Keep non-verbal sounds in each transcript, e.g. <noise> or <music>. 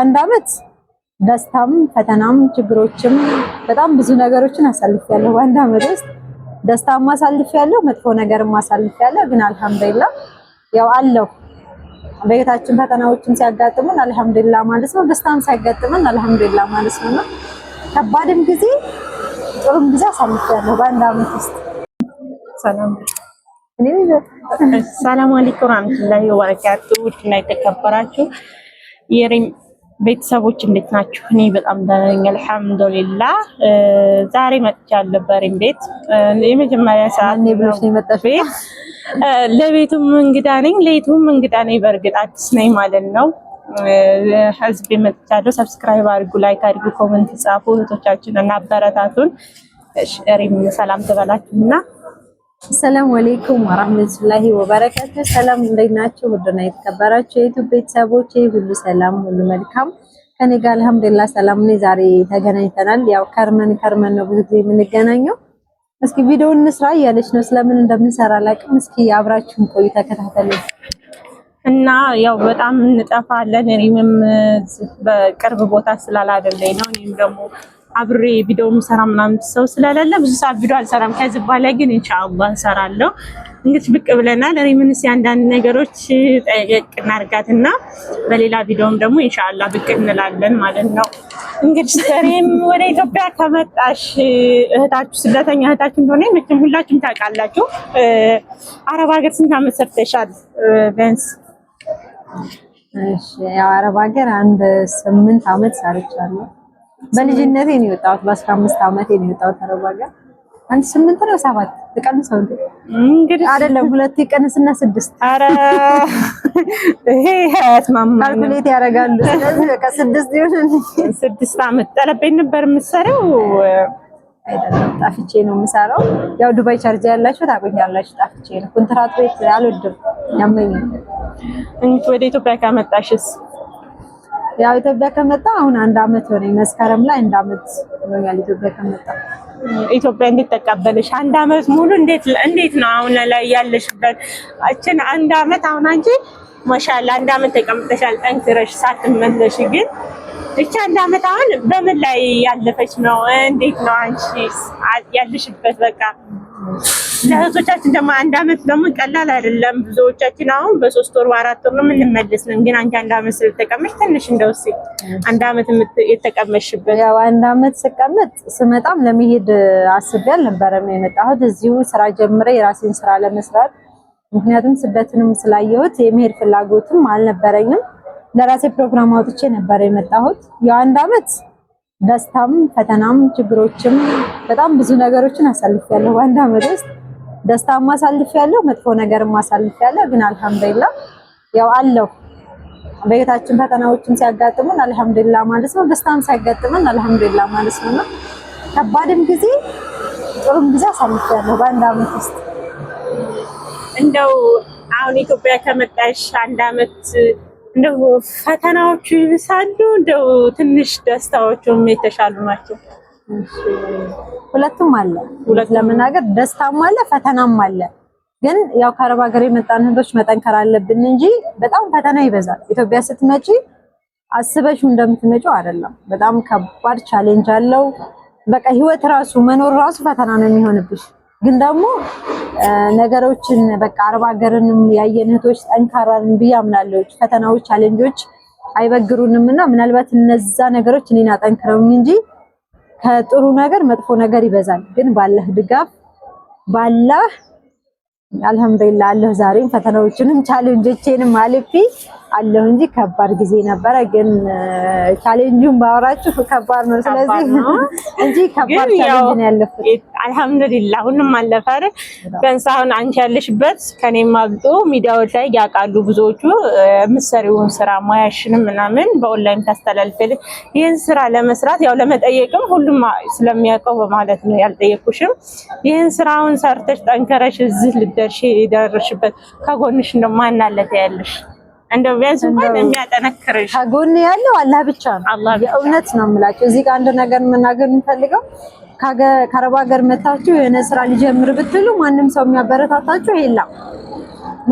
አንድ አመት ደስታም ፈተናም ችግሮችም በጣም ብዙ ነገሮችን አሳልፌያለሁ። በአንድ አመት ውስጥ ደስታም አሳልፌያለሁ፣ መጥፎ ነገርም አሳልፌያለሁ። ግን አልሐምዱሊላህ ያው አለው በቤታችን ፈተናዎችን ሲያጋጥሙን አልሐምዱሊላህ ማለት ነው። ደስታም ሲያጋጥመን አልሐምዱሊላህ ማለት ነው። ከባድም ጊዜ ጥሩም ጊዜ አሳልፌያለሁ በአንድ አመት ውስጥ። ሰላም ሰላም አለይኩም ወራህመቱላሂ ወበረካቱ ውድና የተከበራችሁ የሪም ቤተሰቦች እንዴት ናችሁ? እኔ በጣም ደህና ነኝ፣ አልሐምዱሊላህ። ዛሬ መጥቻለሁ ነበረኝ ቤት የመጀመሪያ ሰዓት ነው ብሎሽ ነው የመጣሽ ቤት። ለቤቱም እንግዳ ነኝ፣ ለቤቱም እንግዳ ነኝ። በእርግጥ አዲስ ነኝ ማለት ነው። ህዝብ መጥቻለሁ። ሰብስክራይብ አድርጉ፣ ላይክ አድርጉ፣ ኮመንት ጻፉ፣ እህቶቻችንን አበረታቱን። እሺ፣ ሪም ሰላም ትበላችሁና አሰላሙ አሌይኩም ወራህመቱላሂ ወበረካቱ። ሰላም እንዴት ናችሁ? ውድና የተከበራችሁ የዩቲዩብ ቤተሰቦች ሁሉ ሰላም ሁሉ መልካም ከኔ ጋር አልሐምዱሊላህ ሰላም ነኝ። ዛሬ ተገናኝተናል። ያው ከርመን ከርመን ነው ብዙ ጊዜ የምንገናኘው። እስኪ ቪዲዮ እንስራ እያለች ነው ስለምን እንደምንሰራ አላውቅም። እስኪ አብራችሁን ቆዩ ተከታተሉ እና ያው በጣም እንጠፋለን። እኔም በቅርብ ቦታ ስላላደለኝ ነው እኔም ደግሞ አብሬ ቪዲዮ ምሰራ ምናምን ሰው ስለሌለ ብዙ ሰዓት ቪዲዮ አልሰራም። ከዚህ በኋላ ግን ኢንሻአላህ እሰራለሁ። እንግዲህ ብቅ ብለናል። እኔ ምን አንዳንድ ነገሮች ጠየቅ እናድርጋትና በሌላ ቪዲዮም ደግሞ ኢንሻአላህ ብቅ እንላለን ማለት ነው። እንግዲህ እኔም ወደ ኢትዮጵያ ከመጣሽ እህታችሁ ስደተኛ እህታችሁ እንደሆነ መቼም ሁላችሁም ታውቃላችሁ። አረብ ሀገር ስንት ዓመት ሰርተሻል ቢያንስ? እሺ ያው አረብ ሀገር አንድ ስምንት አመት ሰርቻለሁ። በልጅነቴ ነው የወጣሁት። በአስራ አምስት ዓመቴ ነው የወጣሁት። ተረጋጋ። አንድ ስምንት ነው ሰባት ቀንሰው እንግዲህ አይደለም ሁለት ቀንስና ስድስት። አረ ይሄ ሀያት ማማ ካልኩሌት ያደርጋሉ። ስለዚህ በቃ ስድስት ይሁን ስድስት ዓመት ጠለበኝ ነበር የምትሰሪው አይደለም ጣፍቼ ነው የምሰራው። ያው ዱባይ ቻርጅ ያላችሁ ታቆኛላችሁ። ጣፍቼ ነው ኮንትራት ቤት አልወድም ያመኝ እንት ወደ ኢትዮጵያ ካመጣሽስ ያው ኢትዮጵያ ከመጣ አሁን አንድ አመት ሆነ። መስከረም ላይ አንድ አመት ሆኖኛል ኢትዮጵያ ከመጣ። ኢትዮጵያ እንዴት ተቀበለሽ? አንድ አመት ሙሉ እንዴት እንዴት ነው አሁን ላይ ያለሽበት? እችን አንድ አመት አሁን አንቺ ማሻአላ አንድ አመት ተቀምጠሻል ጠንክረሽ ሳትመለሽ ግን ብቻ አመት አሁን በምን ላይ ያለፈች ነው? እንዴት ነው አንቺ ያለሽበት? በቃ ለእህቶቻችን ደግሞ አንድ አመት ደግሞ ቀላል አይደለም። ብዙዎቻችን አሁን በሶስት ወር በአራት ወር ነው የምንመለስ ነው። ግን አንቺ አንድ አመት ስለተቀመሽ ትንሽ እንደው እስኪ አንድ አመት የተቀመሽበት። ያው አንድ አመት ስቀመጥ ስመጣም ለመሄድ አስቤ አልነበረም የመጣሁት እዚሁ ስራ ጀምሬ የራሴን ስራ ለመስራት ምክንያቱም ስበትንም ስላየሁት የመሄድ ፍላጎትም አልነበረኝም። ለራሴ ፕሮግራም አውጥቼ ነበር የመጣሁት። የአንድ አመት ደስታም ፈተናም ችግሮችም በጣም ብዙ ነገሮችን አሳልፌያለሁ። በአንድ አመት ውስጥ ደስታም አሳልፌያለሁ፣ መጥፎ ነገርም አሳልፌያለሁ። ግን አልሐምዱሊላ ያው አለው በጌታችን ፈተናዎችን ሲያጋጥሙን አልሐምዱሊላ ማለት ነው። ደስታም ሲያጋጥመን አልሐምዱሊላ ማለት ነው። ከባድም ጊዜ ጥሩም ጊዜ አሳልፌያለሁ በአንድ አመት ውስጥ እንደው አሁን ኢትዮጵያ ከመጣሽ አንድ አመት እንደው ፈተናዎቹ ይብሳሉ፣ እንደው ትንሽ ደስታዎቹም የተሻሉ ናቸው። ሁለቱም አለ። ሁለት ለመናገር ደስታም አለ፣ ፈተናም አለ። ግን ያው ከአረብ ሀገር የመጣን እህቶች መጠንከር አለብን እንጂ በጣም ፈተና ይበዛል። ኢትዮጵያ ስትመጪ አስበሽው እንደምትመጪው አይደለም። በጣም ከባድ ቻሌንጅ አለው። በቃ ህይወት ራሱ መኖር ራሱ ፈተና ነው የሚሆንብሽ። ግን ደግሞ ነገሮችን በቃ አረብ ሀገርንም ያየን እህቶች ጠንካራን ብዬ አምናለሁ። ፈተናዎች፣ ቻሌንጆች አይበግሩንም እና ምናልባት እነዛ ነገሮች እኔን አጠንክረውኝ እንጂ ከጥሩ ነገር መጥፎ ነገር ይበዛል። ግን ባለህ ድጋፍ ባለህ አልሐምዱሊላህ አለህ ዛሬም ፈተናዎችንም ቻሌንጆቼንም አልፌ አለሁ እንጂ ከባድ ጊዜ ነበረ። ግን ቻሌንጁን ባወራችሁ ከባድ ነው። ስለዚህ <laughs> እንጂ ከባድ ቻሌንጅ ነው ያለፉት። አልሐምዱሊላህ ሁሉም አለፈ አይደል? ቢያንስ አሁን አንቺ ያለሽበት ከኔም አብጦ ሚዲያዎች ላይ ያውቃሉ ብዙዎቹ የምትሰሪውን ስራ ሙያሽንም ምናምን በኦንላይን ታስተላልፈል። ይህን ስራ ለመስራት ያው ለመጠየቅም ሁሉም ስለሚያውቀው በማለት ነው ያልጠየኩሽም። ይህን ስራውን ሰርተሽ ጠንከረሽ እዚህ ልደርሽ የደረሽበት ከጎንሽ እንደማናለት ያለሽ እንደው ቢያንስ እንኳን የሚያጠነክርሽ ከጎን ያለው አላህ ብቻ ነው። የእውነት ነው የምላቸው። እዚህ ጋር አንድ ነገር መናገር የምፈልገው ከአረብ ሀገር መታችሁ የሆነ ስራ ሊጀምር ብትሉ ማንም ሰው የሚያበረታታችሁ የለም።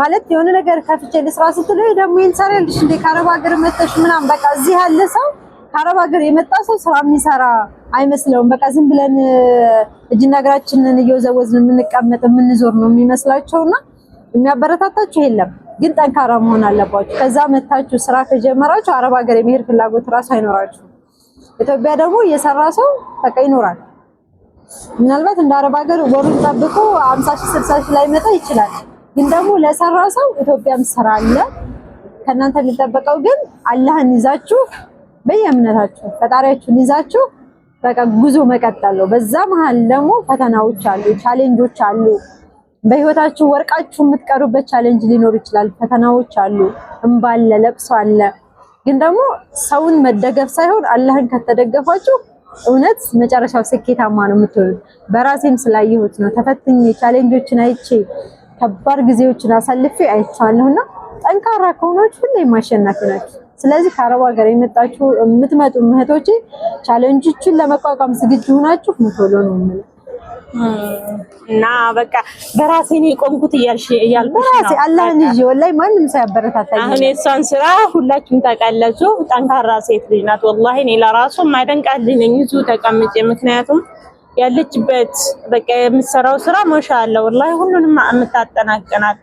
ማለት የሆነ ነገር ከፍቼ ልስራ ስትሉ ደግሞ ይሄን ሰራልሽ እንደ ከአረብ ሀገር መተሽ ምናምን በቃ እዚህ ያለ ሰው ከአረብ ሀገር የመጣ ሰው ስራ የሚሰራ አይመስለውም። በቃ ዝም ብለን እጅና እግራችንን እየወዘወዝን የምንቀመጥ የምንዞር ነው የሚመስላቸውና የሚያበረታታችሁ የለም። ግን ጠንካራ መሆን አለባችሁ። ከዛ መታችሁ ስራ ከጀመራችሁ አረብ ሀገር የመሄድ ፍላጎት ራሱ አይኖራችሁም። ኢትዮጵያ ደግሞ የሰራ ሰው በቃ ይኖራል። ምናልባት እንደ አረብ ሀገር ወሩን ጠብቆ አምሳ ሺ ስልሳ ሺ ላይ መጣ ይችላል። ግን ደግሞ ለሰራ ሰው ኢትዮጵያም ስራ አለ። ከእናንተ የሚጠበቀው ግን አላህን ይዛችሁ በየእምነታችሁ ፈጣሪያችሁን ይዛችሁ በቃ ጉዞ መቀጠል ነው። በዛ መሀል ደግሞ ፈተናዎች አሉ፣ ቻሌንጆች አሉ። በህይወታችሁ ወርቃችሁ የምትቀሩበት ቻሌንጅ ሊኖር ይችላል። ፈተናዎች አሉ፣ እምባለ ለቅሶ አለ። ግን ደግሞ ሰውን መደገፍ ሳይሆን አላህን ከተደገፋችሁ እውነት መጨረሻው ስኬታማ ነው የምትሆኑት። በራሴም ስላየሁት ነው። ተፈትኜ ቻሌንጆችን አይቼ ከባድ ጊዜዎችን አሳልፌ አይቼዋለሁና ጠንካራ ከሆናችሁ ሁሌም አሸናፊ ናችሁ። ስለዚህ ከአረብ ሀገር የመጣችሁ የምትመጡ እህቶቼ ቻሌንጆችን ለመቋቋም ዝግጁ ሆናችሁ ምቶሎ ነው የምለው። እና በቃ በራሴ ነው የቆምኩት እያልሽ እያልኩ በራሴ አላህን ይዤ ወላሂ ማንም ሳያበረታታኝ። አሁን የእሷን ስራ ሁላችሁም ታውቃላችሁ። ጠንካራ ሴት ልጅ ናት። ወላሂ እኔ ለራሱ ማደንቃልኝ ነኝ እዚሁ ተቀምጬ ምክንያቱም ያለችበት በቃ የምትሰራው ስራ መሻ ማሻአላ ወላሂ ሁሉንም የምታጠናቀናት።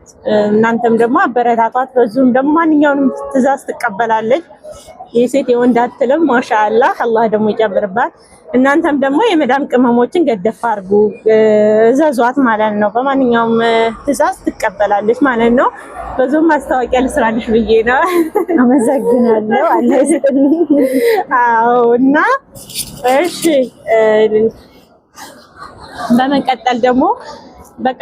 እናንተም ደግሞ አበረታቷት። በዙም ደግሞ ማንኛውንም ትእዛዝ ትቀበላለች። የሴት የወንድ አትልም። ማሻአላ አላህ ደግሞ ይጨምርባት። እናንተም ደግሞ የመዳም ቅመሞችን ገደፍ አድርጉ እዘዟት ማለት ነው። በማንኛውም ትእዛዝ ትቀበላለች ማለት ነው። በዙም ማስታወቂያ ልስራልሽ ብዬ ነው። አመሰግናለሁ። አዎ እና እሺ በመቀጠል ደግሞ በቃ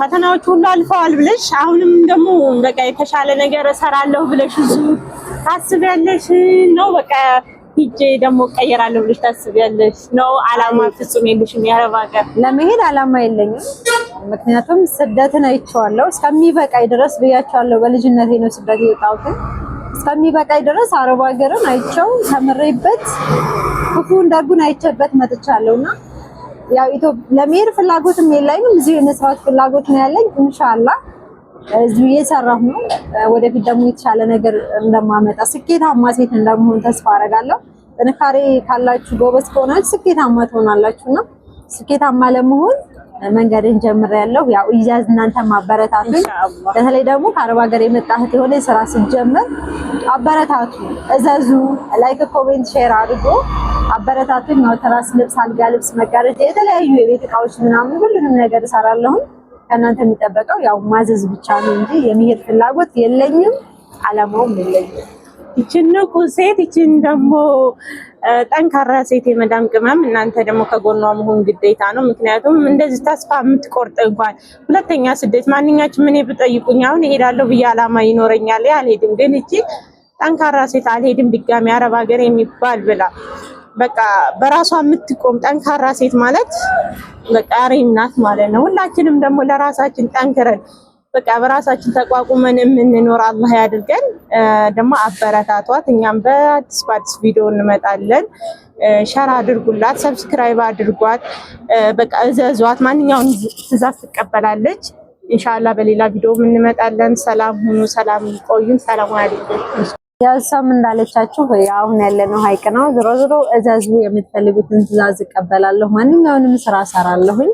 ፈተናዎች ሁሉ አልፈዋል ብለሽ አሁንም ደግሞ በቃ የተሻለ ነገር እሰራለሁ ብለሽ እሱ ታስቢያለሽ ነው በቃ ሂጄ ደግሞ እቀየራለሁ ብለሽ ታስቢያለሽ ነው? አላማ ፍጹም የለሽም? የአረብ ሀገር ለመሄድ አላማ የለኝም። ምክንያቱም ስደትን አይቼዋለሁ እስከሚበቃይ ድረስ ብያቸዋለሁ። በልጅነቴ ነው ስደት የወጣሁት። እስከሚበቃይ ድረስ አረብ ሀገርን አይቼው ተምሬበት ክፉን ደጉን አይቼበት እና ያው ለመሄድ ፍላጎትም የለኝም። እዚሁ የመስራት ፍላጎት ነው ያለኝ። ኢንሻአላህ እዚሁ እየሰራሁ ነው። ወደፊት ደግሞ የተሻለ ነገር እንደማመጣ ስኬታማ ሴት እንደመሆን ተስፋ አደርጋለሁ። ጥንካሬ ካላችሁ፣ ጎበዝ ከሆናችሁ ስኬታማ ትሆናላችሁና ስኬታማ ለመሆን መንገዴን ጀምሬያለሁ። ያው ኢጃዝ እናንተ ማበረታቱ፣ በተለይ ደግሞ ከአረብ ሀገር የመጣ የሆነ ስራ ስትጀምር አበረታቱ፣ እዘዙ፣ ላይክ፣ ኮሜንት፣ ሼር አድርጎ አበረታቱ። ያው ትራስ ልብስ፣ አልጋ ልብስ፣ መጋረጃ፣ የተለያዩ የቤት እቃዎች ምናምን ሁሉንም ነገር እሰራለሁ ከእናንተ የሚጠበቀው ያው ማዘዝ ብቻ ነው እንጂ የሚሄድ ፍላጎት የለኝም፣ አላማውም የለኝም። ይችን ንቁ ሴት ይችን ደግሞ ጠንካራ ሴት የመዳም ቅመም እናንተ ደግሞ ከጎኗ መሆን ግዴታ ነው። ምክንያቱም እንደዚህ ተስፋ የምትቆርጥ እንኳን ሁለተኛ ስደት ማንኛችም ምን ብጠይቁኝ አሁን እሄዳለሁ ብዬ አላማ ይኖረኛል አልሄድም። ግን እቺ ጠንካራ ሴት አልሄድም ድጋሚ አረብ ሀገር የሚባል ብላ በቃ በራሷ የምትቆም ጠንካራ ሴት ማለት በቃ ሬም ናት ማለት ነው። ሁላችንም ደግሞ ለራሳችን ጠንክረን በቃ በራሳችን ተቋቁመን የምንኖር አላህ ያድርገን። ደግሞ አበረታቷት። እኛም በአዲስ በአዲስ ቪዲዮ እንመጣለን። ሸር አድርጉላት፣ ሰብስክራይብ አድርጓት፣ በቃ እዘዟት። ማንኛውን ትእዛዝ ትቀበላለች። እንሻላ በሌላ ቪዲዮ እንመጣለን። ሰላም ሁኑ፣ ሰላም ቆዩን። ሰላም አለይኩም። ያው እሷም እንዳለቻችሁ አሁን ያለነው ሀይቅ ነው። ዞሮ ዞሮ እዘዙ፣ የምትፈልጉትን ትእዛዝ እቀበላለሁ፣ ማንኛውንም ስራ ሰራለሁኝ።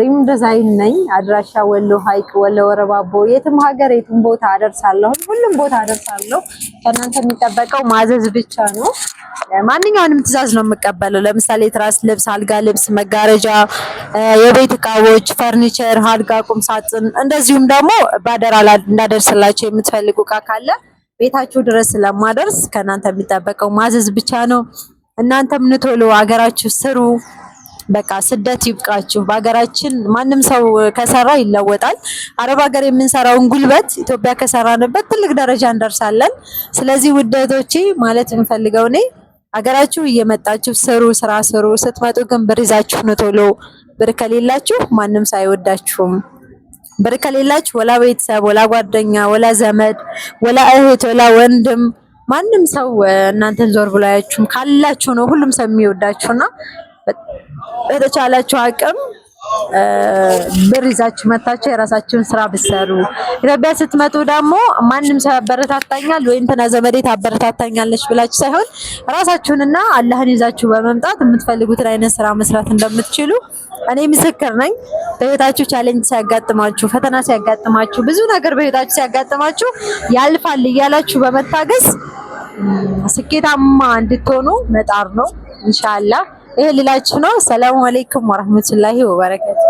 ሪም ዲዛይን ነኝ። አድራሻ ወሎ ሀይቅ ወሎ ወረባቦ። የትም ሀገር የትም ቦታ አደርሳለሁ፣ ሁሉም ቦታ አደርሳለሁ። ከእናንተ የሚጠበቀው ማዘዝ ብቻ ነው። ማንኛውንም ትዛዝ ነው የምቀበለው። ለምሳሌ ትራስ ልብስ፣ አልጋ ልብስ፣ መጋረጃ፣ የቤት እቃዎች፣ ፈርኒቸር፣ አልጋ፣ ቁም ሳጥን እንደዚሁም ደግሞ ባደራ እንዳደርስላቸው የምትፈልጉ እቃ ካለ ቤታችሁ ድረስ ስለማደርስ ከእናንተ የሚጠበቀው ማዘዝ ብቻ ነው። እናንተም ንቶሎ አገራችሁ ስሩ። በቃ ስደት ይብቃችሁ። በሀገራችን ማንም ሰው ከሰራ ይለወጣል። አረብ ሀገር የምንሰራውን ጉልበት ኢትዮጵያ ከሰራንበት ትልቅ ደረጃ እንደርሳለን። ስለዚህ ውደቶቼ ማለት የምፈልገው እኔ ሀገራችሁ እየመጣችሁ ስሩ፣ ስራ ስሩ። ስትመጡ ግን ብር ይዛችሁ ነው። ቶሎ ብር ከሌላችሁ ማንም ሰው አይወዳችሁም። ብር ከሌላችሁ ወላ ቤተሰብ፣ ወላ ጓደኛ፣ ወላ ዘመድ፣ ወላ እህት፣ ወላ ወንድም ማንም ሰው እናንተን ዞር ብሎ አያችሁም። ካላችሁ ነው ሁሉም ሰው የሚወዳችሁና በተቻላችሁ አቅም ብር ይዛችሁ መታችሁ የራሳችሁን ስራ ብትሰሩ። ኢትዮጵያ ስትመጡ ደግሞ ማንም ሰው ያበረታታኛል ወይ እንትና ዘመዴ ታበረታታኛለች ብላችሁ ሳይሆን ራሳችሁንና አላህን ይዛችሁ በመምጣት የምትፈልጉትን አይነት ስራ መስራት እንደምትችሉ እኔ ምስክር ነኝ። በህይወታችሁ ቻሌንጅ ሲያጋጥማችሁ፣ ፈተና ሲያጋጥማችሁ፣ ብዙ ነገር በህይወታችሁ ሲያጋጥማችሁ ያልፋል እያላችሁ በመታገስ ስኬታማ እንድትሆኑ መጣር ነው ኢንሻአላህ። ይሄ ልላችሁ ነው። ሰላም አለይኩም ወራህመቱላሂ ወበረካቱ